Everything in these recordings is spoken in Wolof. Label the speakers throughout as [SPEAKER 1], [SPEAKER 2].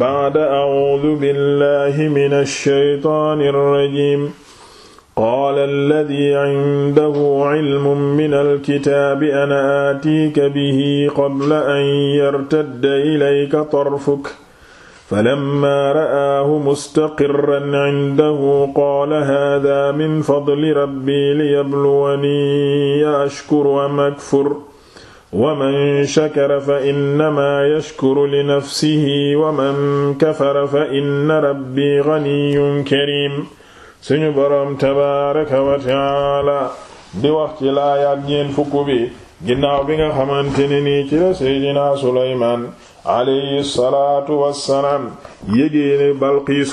[SPEAKER 1] ba'da a'uudu billahi mina shaytaani rajiim qaala alladii cindahu cilmun minal kitaabi ana aatiika bihi qabla an yartadda ilayka tarfuk falammaa ra'aahu mustaqirran cindahu qaala haadaa min fadli rabbii liyabluwanii a ashkuru am akfur wa man shakara fa innamaa yashkuru li nafsihi wa man kafara fa inna rabbi ghaniyyun karim suñu boroom tabaaraka wa taala di wax ci laayaat ñeen fukk bi ginnaaw bi nga xamante ne nii ci la seydinaa Sulaymaan alayhi salaatu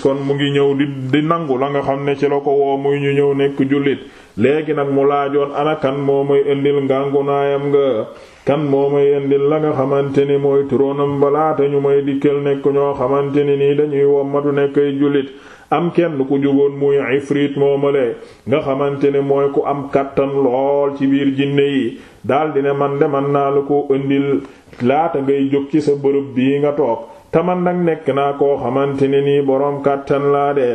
[SPEAKER 1] kon mu ngi ñëw di nangu la nga xam ne ci la ko woo muy ñu ñëw nekk jullit léegi nag mu laajoon anakan moo moy ëndil ngàngunaayam nga kan moo may yendil la nga xamante ni mooy ba laata ñu may dikkal nekku ñoo xamante ni nii dañuy wommatu nekk ay jullit am kenn ku jógoon muy ifrit moomale nga xamante ne mooy ku am kàttan lool ci biir jinne yi daldi ne man de man naa la ko ëndil laata ngay jóg ci sa bërëb bii nga toog te man nag nekk naa ko xamante ne nii boroom kàttan laa de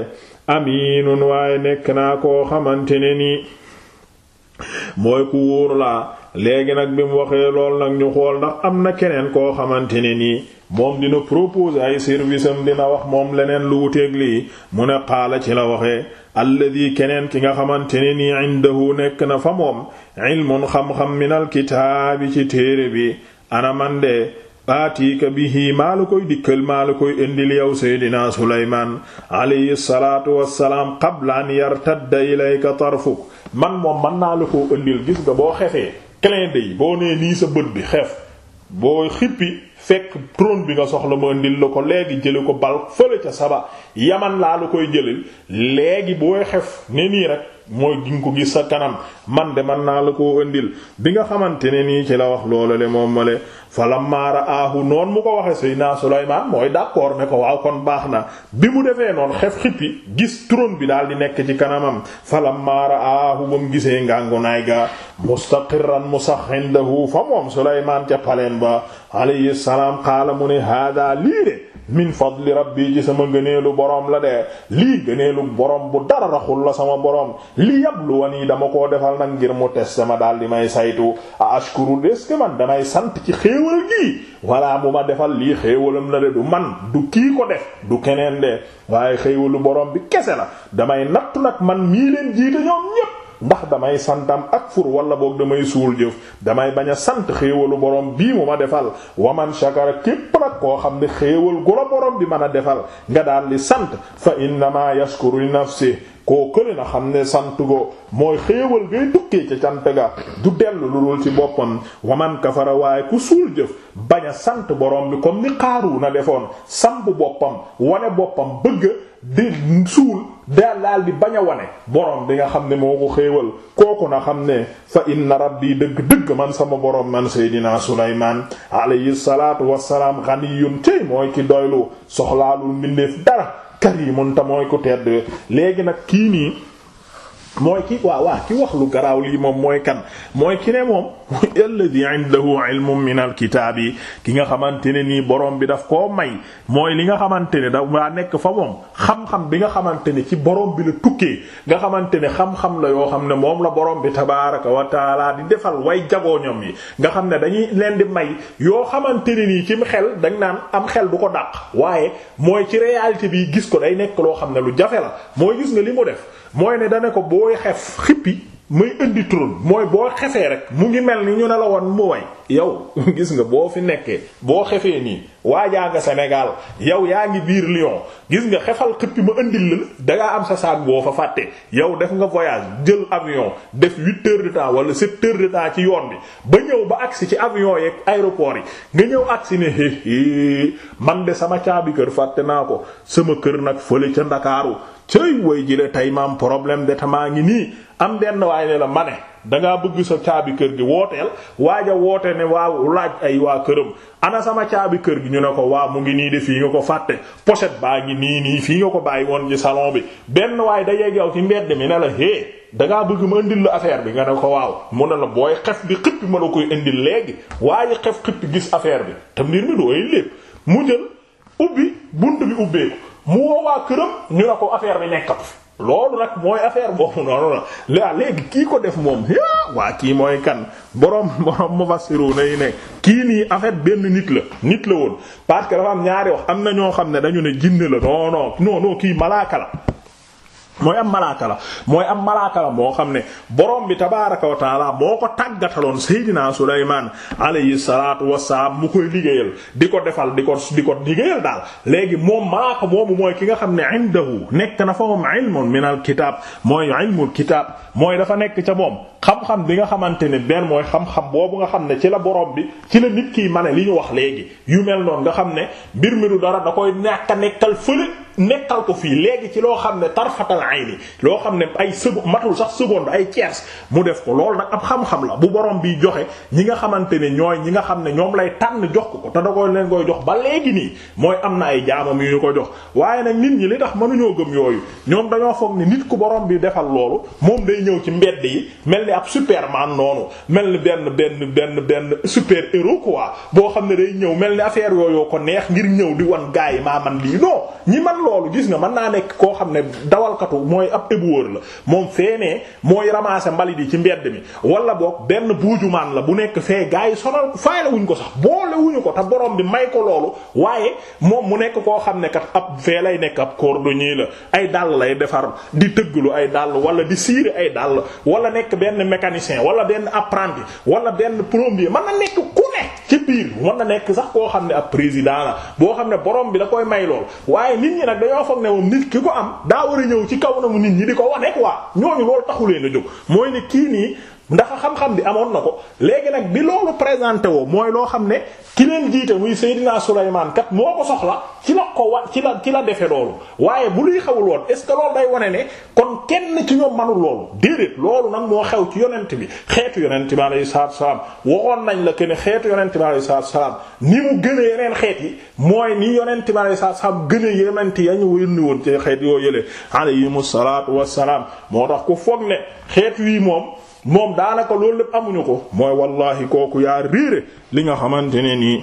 [SPEAKER 1] amiinun waaye nekk naa ko xamante ne nii mooy ku wóor laa léegi nag bi mu waxee lool nag ñu xool ndax am na keneen koo xamante ne nii moom dina proposer ay service am dina wax moom leneen lu wuteeg li mu ne xaala ci la waxee alladi keneen ki nga xamante ne nii indahu nekk na fa moom ilmun xam-xam minal kitaabi ci téere bi ana man de baatiika bihi maa la koy dikkal maa la koy indil yow seydinaa suleymaan alayhi salaatu wassalaam qabla an yartadda ilayka tarfuk man moom mën naa la indil gis nga boo xefee clin d'œil boo nee nii sa bët bi xef boo xippi fekk trône bi nga soxla ma ndil la ko léegi jële ko bal fële ca saba yaman laa la koy jëlil léegi booy xef ne nii rek mooy di ko gis sa kanam man de man naa la koo indil bi nga xamante ne nii ci la wax loolu le moom male falamma raahu noon mu ko waxe Seydina Sulaymaan mooy d'accord ne ko waaw kon baax na bi mu defee noonu xef xippi gis trône bi daal di nekk ci kanamam falamma raahu ba mu gisee ngàngunaay ga mustaqirran musaxindahu fa moom Sulaymaan ca paleen ba alayhi salaam qaala mu ne hada lii de min fadli rabbi ci sama ngëneelu borom la de lii ngëneelu borom bu dara raxul la sama borom li yabluwani dama koo defal nag ngir mu test ma daal di may saytu a ashkuru est-ce man damay sant ci xéewal gii walla mu ma defal lii xéewalam la de du man du kii ko def du keneen de waaye xéewalu borom bi kese la damay nattu nag man mii leen jiite ñoom ñépp ndax damay santam ak fur wala boog damay suul jëf damay bañ a sant xéewalu boroom bii mu ma defal waman shakara képp nag koo xam ne xéewal gu la borom bi mën a defal nga daal di sant fa innama yashkuru li nafsi koo kële na xam ne sant ko mooy xéewal ngay dukkee ca cant ga du dellu lu dul ci boppam waman kafara waaye ku suul jëf bañ a sant borom bi comme ni Qaaruuna defoon samp boppam wane boppam bëgg di suul daal daal di bañ a wane borom bi nga xam ne moo ko xéewal kooku na xam ne fa inna rabbi dëgg-dëgg man sama borom man seydinaa Sulaymaan alayhi salaatu wassalaam ganiyun tey mooy ki doylu soxlaalul mbindeef dara karimun ta mooy ku tedd léegi nag kii nii mooy ki waaw waaw ki wax lu garaaw lii moom mooy kan mooy ki ne moom alladhi indahu ilmun min alkitaabi ki nga xamante ne nii borom bi daf koo may mooy li nga xamante ne da waa nekk fa moom xam bi nga xamante ne ci borom bi la tukkee nga xamante ne xam la yoo xam ne moom la borom bi tabaaraka wa taala di defal way jagoo ñoom yi nga xam ne dañuy leen di may yoo xamante ne nii ci xel dañ naan am xel du ko dàq waaye mooy ci réalité bi gis ko day nekk loo xam ne lu jafe la mooy gis nga li mu def mooy ne dane ko booy xef xippi muy indi trône mooy boo xefee rek mu ngi mel ni ñu ne la woon mu way yow gis nga boo fi nekkee boo xefee nii waajaa nga Sénégal yow yaa ngi biir lion gis nga xefal xëppi ma indi la dangaa am sa saag boo fa fàttee yow def nga voyage jël avion def huit heures de temps wala sept heures ci yoon bi ba ñëw ba agsi ci avion yeeg aéroport yi nga ñëw agsi ne hé hé man de sama caabi kër fàtte naa ko sama kër nag fële ca Ndakaaru cëy way ji le tey maam am problème de maa ngi nii am benn waaye ne la ma ne dangaa bëgg sa caabi kër gi wooteel waaja woote ne waa laaj ay waa këram ana sama caabi kër gi ñu ne ko waaw mu ngi nii de fii nga ko fàtte pochette baa ngi nii nii fii nga ko bàyyi woon ci salon bi benn waaye dajeeg yow ci mbedd mi ne la hé dangaa bëgg ma indil la affaire bi nga ne ko waaw mu ne la booy xef bi xippi ma la koy indil léegi waaye xef xippi gis affaire bi tam nit mi mu jël ubbi mu woo waa këram ñu ne ko affaire bi nekk loolu nag mooy affaire boobu noonu la léegi kii ko def moom waa kii mooy kan borom borom mufassiru nay ne kii nii en benn nit la nit la woon parce que dafa am ñaari wax am na ñoo xam ne dañu ne jinne la non non kii malaaka la. mooy am malaaka la mooy am malaaka la moo xam ne boroom bi tabaaraka wa taala moo ko tàggataloon Seydina Sulaymaan alayhi salaatu wassalaam mu koy liggéeyal di ko defal di ko di ko liggéeyal daal léegi moom malaaka boobu mooy ki nga xam ne indahu nekk na fa moom ilmun minal kitaab mooy ilmul kitaab mooy dafa nekk ca moom xam bi nga xamante ne benn mooy xam boobu nga xam ne ci la borom bi ci la nit kiy mane li ñu wax léegi yu nga xam ne mbir mi du dara da koy ñàkk nekkal fële nekkal ko fii léegi ci loo xam ne tarfatal ayni loo xam ne ay seconde matul sax seconde ay tiers mu def ko lool nag ab xam-xam la bu borom bi joxe ñi nga xamante ne ñooy ñi nga xam ne ñoom lay tànn jox ko te da koy leen koy jox ba léegi nii mooy am na ay jaamam yu ñu ko jox waaye nag nit ñi li tax mënuñoo gëm yooyu ñoom dañoo foog ni nit ku borom bi defal loolu moom day ñëw ci mbedd yi mel ni ab superman noonu mel ni benn benn benn benn super héros boo xam ne day ñëw mel ni affaire yooyu ko neex ngir ñëw di wan gaay ma man loolu gis nga mën naa nekk koo xam ne dawalkatu mooy ab éboueur la moom feenee mooy ramasser mbalit yi ci mbedd mi wala boog benn buujumaan la bu nekk fee gars yi sonal faale ko sax ko te borom bi may ko loolu waaye moom mu nekk koo xam ne kat ab fee lay nekk ab cordonnier la ay dàll lay defar di tëgglu ay dàll wala di siire ay dàll wala nekk benn mécanicien wala benn apprenti wala benn plombier mën na nekk ku ne ci biir mën na nekk sax koo xam ne ab président la boo xam ne borom bi da koy may lool waaye nit ñi nag dañoo foog ne moom nit ki ko am daa war a ñëw ci kaw na mu nit ñi di ko wane quoi ñooñu loolu taxuleen a jóg mooy ne kii nii ndax xam-xam bi amoon na ko léegi nag bi loolu présenté woo mooy loo xam ne ki leen jiite muy Seydina Souleymane kat moo ko soxla ci la ko wa ci la ci la defe loolu waaye bu luy xewul woon est ce que loolu day wane ne kon kenn ci ñoom manul loolu déedéet loolu nag moo xew ci yonent bi xeetu yonent bi alayhi salaatu salaam waxoon nañ la que ne xeetu yonent bi alayhi salaatu salaam ni mu gënee yeneen xeet yi mooy ni yonent bi alayhi salaatu salaam gënee yonent ya ñu yónni woon ci xeet yoo yële alayhimu salaatu wassalaam moo tax ku foog ne xeet wi moom moom daanaka loolu lépp amuñu ko mooy wallahi kooku yaa réere li nga xamante ne nii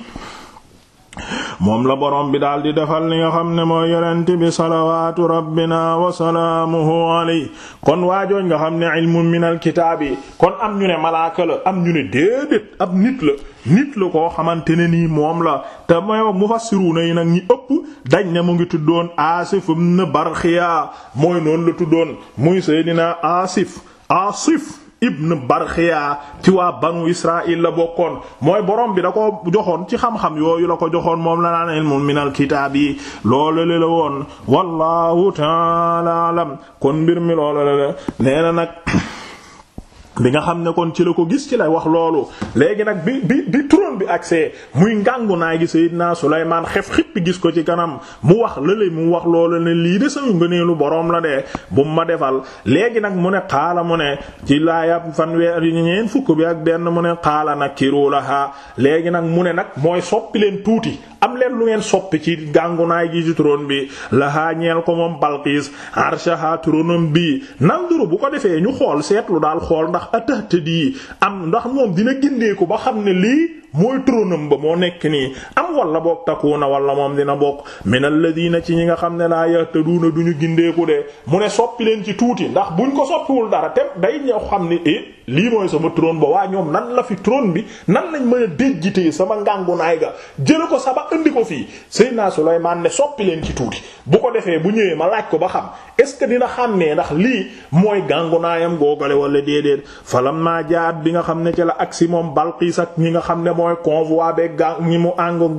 [SPEAKER 1] moom la borom bi daal di defal li nga xam ne mooy yonent bi salawaatu rabbina wa salaamuhu alayhi kon waajooñ nga xam ne ilmun minal kitaab yi kon am ñu malaaka la am ñu ne déedéet ab nit la nit la koo xamante ne nii moom la te mooy mufassiruna yi nag ñi ëpp dañ ne mu ngi tuddoon Asif ibn Barxiya mooy noonu la tuddoon muy Seydina Asif Asif ibn barxiya ci waa banu israil la bokkoon mooy borom bi da ko joxoon ci xam-xam yooyu la ko joxoon moom la naan ilmu minal kitaab yi loolu la la woon wallahu taala alam kon mbir mi loolu la la nee bi nga xam ne kon ci la ko gis ci la wax loolu léegi nag bi bi bi trône bi accès muy ngàngu naa gi Seydina Sulaymaan xef xippi gis ko ci kanam mu wax lële mu wax loolu ne lii de sañu ngëneelu boroom la de bu mu ma defal léegi nag mu ne xaala mu ne ci laayab fanweer yi ñeen fukk bi ak benn mu ne xaala nag kiru laha léegi nag mu ne nag mooy soppi leen tuuti am leen lu ngeen soppi ci gàngunaay gi ci tron bi lahaa ñeel ko moom Balqiis a trônam bi nanduru bu ko defee ñu xool seetlu daal xool ndax atahtë di am ndax moom dina gindee ko ba xam ne lii mooy trônam ba moo nekk nii am am wala boog takuuna wala moom dina bokk min alladina ci ñi nga xam ne laa yahtaduuna du ñu gindeeku de mu ne soppi leen ci tuuti ndax buñ ko soppiwul dara te day ñëw xam ni eh, lii mooy sama la fi trône bi nan lañ mën a déjjitee sama ngàngunaay ga jëla ko saba indi ko fii Seydina Sulaymaan ne soppi leen ci tuuti bu ko defee bu ñëwee ma laaj ko ba xam est-ce que dina xam ne ndax lii mooy gàngunaayam googale wala déedéet falammaa jaat bi nga xam ne ci la agsi moom Balqiis ak ñi nga xam ne mooy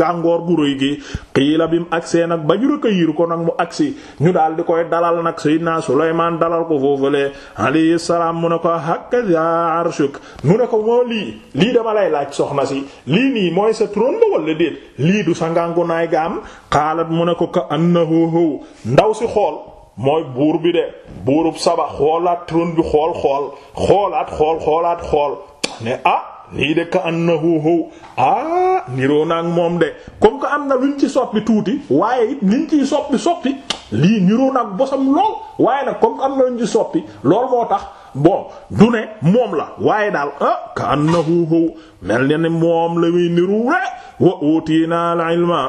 [SPEAKER 1] gàngoor gu rëy gi xiila bi mu agsee nag ba ñu recueillir ko nag mu agsi ñu daal di koy dalal nag sayyidina Sulaymaan dalal ko foofule alayhi salaam mu ne ko hakaza arshuk mu ne ko moo lii lii dama lay laaj soxna si lii nii mooy sa trône la wala déet lii du sa ngàngu naay gaam xaalat mu ne ko ka annahu ndaw si xool mooy buur bi de buurub saba xoolaat trône bi xool xool xoolaat xool xool ne ah lii de ka na hu ah niroo naag moom de comme que am na luñ ci soppi tuuti waaye li liñ ciy soppi soppi lii niroo ak bosam lool waaye nag comme que am na luñ ci soppi lool moo tax bon du ne moom la waaye daal ah ka annahu hu mel ni moom la muy niru rek wa utiina al ilma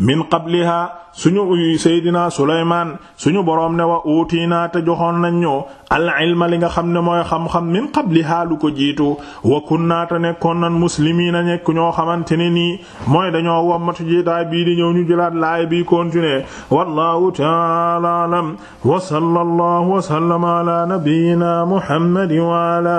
[SPEAKER 1] min qabliha suñu seydina Sulaymaan suñu boroom ne wa utiina ta joxoon nañ ñu al ilma nga xam ne mooy xam-xam min qabliha lu ko jiitu wa kunna te nekkoon nan muslimiina nekk ñoo xamante ne nii mooy dañoo wommatu jiitaay bii di ñëw ñu jëlaat laay bi continuer wallahu ta'ala a'lam wa sallallahu wa sallama ala nabiyyina Muhammadin wa ala